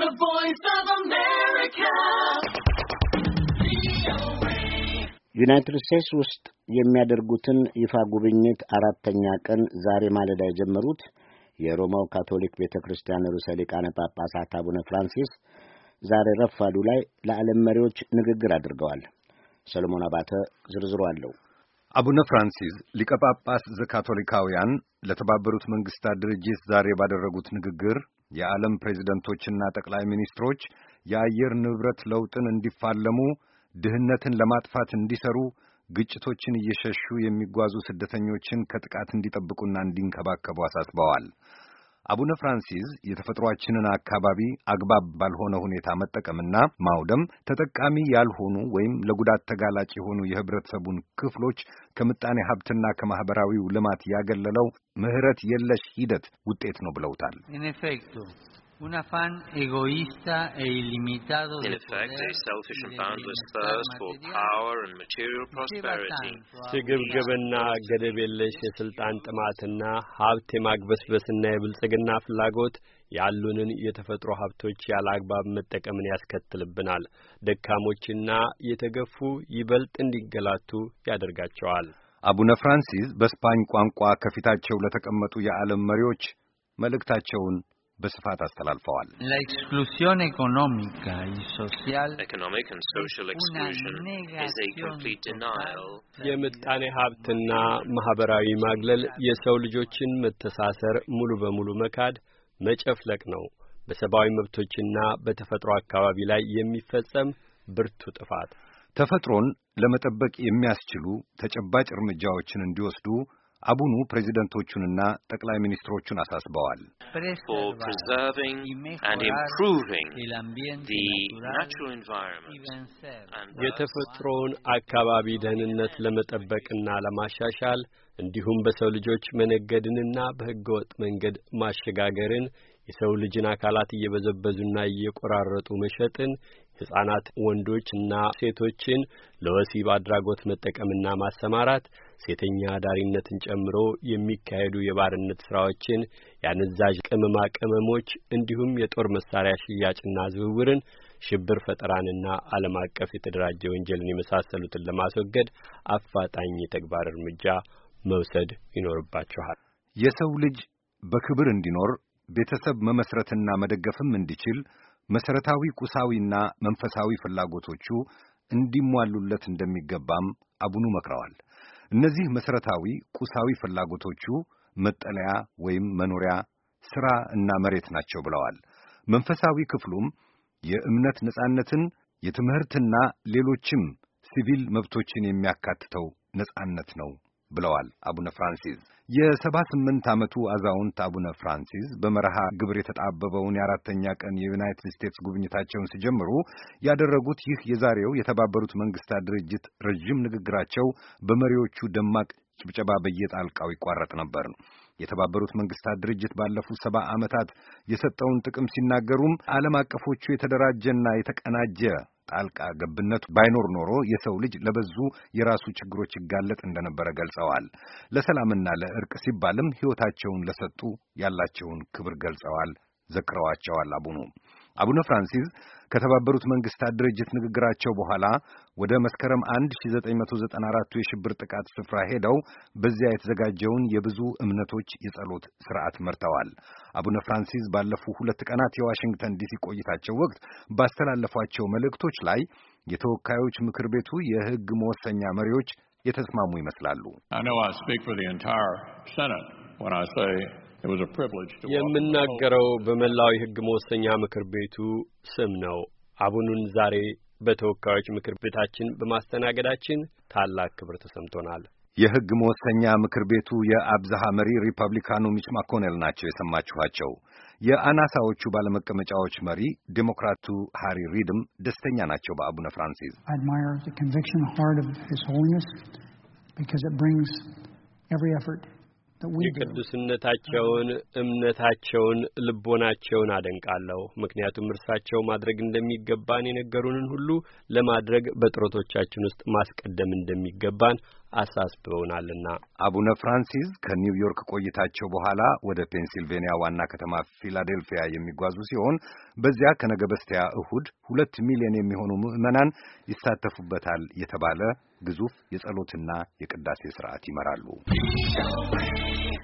The Voice of America. ዩናይትድ ስቴትስ ውስጥ የሚያደርጉትን ይፋ ጉብኝት አራተኛ ቀን ዛሬ ማለዳ የጀመሩት የሮማው ካቶሊክ ቤተ ክርስቲያን ርዕሰ ሊቃነ ጳጳሳት አቡነ ፍራንሲስ ዛሬ ረፋዱ ላይ ለዓለም መሪዎች ንግግር አድርገዋል። ሰሎሞን አባተ ዝርዝሩ አለው። አቡነ ፍራንሲስ ሊቀ ጳጳስ ዘካቶሊካውያን ለተባበሩት መንግስታት ድርጅት ዛሬ ባደረጉት ንግግር የዓለም ፕሬዚደንቶችና ጠቅላይ ሚኒስትሮች የአየር ንብረት ለውጥን እንዲፋለሙ፣ ድህነትን ለማጥፋት እንዲሰሩ፣ ግጭቶችን እየሸሹ የሚጓዙ ስደተኞችን ከጥቃት እንዲጠብቁና እንዲንከባከቡ አሳስበዋል። አቡነ ፍራንሲስ የተፈጥሯችንን አካባቢ አግባብ ባልሆነ ሁኔታ መጠቀምና ማውደም ተጠቃሚ ያልሆኑ ወይም ለጉዳት ተጋላጭ የሆኑ የህብረተሰቡን ክፍሎች ከምጣኔ ሀብትና ከማህበራዊው ልማት ያገለለው ምህረት የለሽ ሂደት ውጤት ነው ብለውታል። Un afán egoísta e ilimitado In effect, a selfish and boundless thirst for power and material prosperity. ስግብግብና ገደብ የለሽ የስልጣን ጥማትና ሀብት የማግበስበስና የብልጽግና ፍላጎት ያሉንን የተፈጥሮ ሀብቶች ያለ አግባብ መጠቀምን ያስከትልብናል። ደካሞችና የተገፉ ይበልጥ እንዲገላቱ ያደርጋቸዋል። አቡነ ፍራንሲስ በስፓኝ ቋንቋ ከፊታቸው ለተቀመጡ የዓለም መሪዎች መልእክታቸውን በስፋት አስተላልፈዋል። የምጣኔ ሀብትና ማህበራዊ ማግለል የሰው ልጆችን መተሳሰር ሙሉ በሙሉ መካድ፣ መጨፍለቅ ነው። በሰብአዊ መብቶችና በተፈጥሮ አካባቢ ላይ የሚፈጸም ብርቱ ጥፋት ተፈጥሮን ለመጠበቅ የሚያስችሉ ተጨባጭ እርምጃዎችን እንዲወስዱ አቡኑ ፕሬዚደንቶቹንና ጠቅላይ ሚኒስትሮቹን አሳስበዋል። የተፈጥሮውን አካባቢ ደህንነት ለመጠበቅና ለማሻሻል እንዲሁም በሰው ልጆች መነገድንና በህገወጥ መንገድ ማሸጋገርን የሰው ልጅን አካላት እየበዘበዙና እየቆራረጡ መሸጥን ሕፃናት ወንዶችና ሴቶችን ለወሲብ አድራጎት መጠቀምና ማሰማራት ሴተኛ አዳሪነትን ጨምሮ የሚካሄዱ የባርነት ስራዎችን፣ የአነዛዥ ቅመማ ቅመሞች እንዲሁም የጦር መሳሪያ ሽያጭና ዝውውርን፣ ሽብር ፈጠራንና ዓለም አቀፍ የተደራጀ ወንጀልን የመሳሰሉትን ለማስወገድ አፋጣኝ የተግባር እርምጃ መውሰድ ይኖርባችኋል። የሰው ልጅ በክብር እንዲኖር ቤተሰብ መመስረትና መደገፍም እንዲችል መሰረታዊ ቁሳዊና መንፈሳዊ ፍላጎቶቹ እንዲሟሉለት እንደሚገባም አቡኑ መክረዋል። እነዚህ መሠረታዊ ቁሳዊ ፍላጎቶቹ መጠለያ ወይም መኖሪያ፣ ሥራ እና መሬት ናቸው ብለዋል። መንፈሳዊ ክፍሉም የእምነት ነጻነትን፣ የትምህርትና ሌሎችም ሲቪል መብቶችን የሚያካትተው ነጻነት ነው ብለዋል አቡነ ፍራንሲስ። የሰባ ስምንት ዓመቱ አዛውንት አቡነ ፍራንሲስ በመርሃ ግብር የተጣበበውን የአራተኛ ቀን የዩናይትድ ስቴትስ ጉብኝታቸውን ሲጀምሩ ያደረጉት ይህ የዛሬው የተባበሩት መንግስታት ድርጅት ረዥም ንግግራቸው በመሪዎቹ ደማቅ ጭብጨባ በየጣልቃው ይቋረጥ ነበር። የተባበሩት መንግስታት ድርጅት ባለፉት ሰባ ዓመታት የሰጠውን ጥቅም ሲናገሩም ዓለም አቀፎቹ የተደራጀና የተቀናጀ ጣልቃ ገብነት ባይኖር ኖሮ የሰው ልጅ ለበዙ የራሱ ችግሮች ይጋለጥ እንደነበረ ገልጸዋል። ለሰላምና ለእርቅ ሲባልም ሕይወታቸውን ለሰጡ ያላቸውን ክብር ገልጸዋል፣ ዘክረዋቸዋል። አቡኑ አቡነ ፍራንሲስ ከተባበሩት መንግስታት ድርጅት ንግግራቸው በኋላ ወደ መስከረም 1994 የሽብር ጥቃት ስፍራ ሄደው በዚያ የተዘጋጀውን የብዙ እምነቶች የጸሎት ስርዓት መርተዋል። አቡነ ፍራንሲስ ባለፉ ሁለት ቀናት የዋሽንግተን ዲሲ ቆይታቸው ወቅት ባስተላለፏቸው መልእክቶች ላይ የተወካዮች ምክር ቤቱ የሕግ መወሰኛ መሪዎች የተስማሙ ይመስላሉ። የምናገረው በመላው የሕግ መወሰኛ ምክር ቤቱ ስም ነው። አቡኑን ዛሬ በተወካዮች ምክር ቤታችን በማስተናገዳችን ታላቅ ክብር ተሰምቶናል። የሕግ መወሰኛ ምክር ቤቱ የአብዛሃ መሪ ሪፐብሊካኑ ሚች ማኮኔል ናቸው የሰማችኋቸው። የአናሳዎቹ ባለመቀመጫዎች መሪ ዴሞክራቱ ሃሪ ሪድም ደስተኛ ናቸው በአቡነ ፍራንሲስ የቅዱስነታቸውን እምነታቸውን፣ ልቦናቸውን አደንቃለሁ። ምክንያቱም እርሳቸው ማድረግ እንደሚገባን የነገሩንን ሁሉ ለማድረግ በጥረቶቻችን ውስጥ ማስቀደም እንደሚገባን አሳስበውናልና። አቡነ ፍራንሲስ ከኒውዮርክ ቆይታቸው በኋላ ወደ ፔንሲልቬንያ ዋና ከተማ ፊላዴልፊያ የሚጓዙ ሲሆን በዚያ ከነገ በስቲያ እሁድ ሁለት ሚሊዮን የሚሆኑ ምዕመናን ይሳተፉበታል የተባለ ግዙፍ የጸሎትና የቅዳሴ ስርዓት ይመራሉ።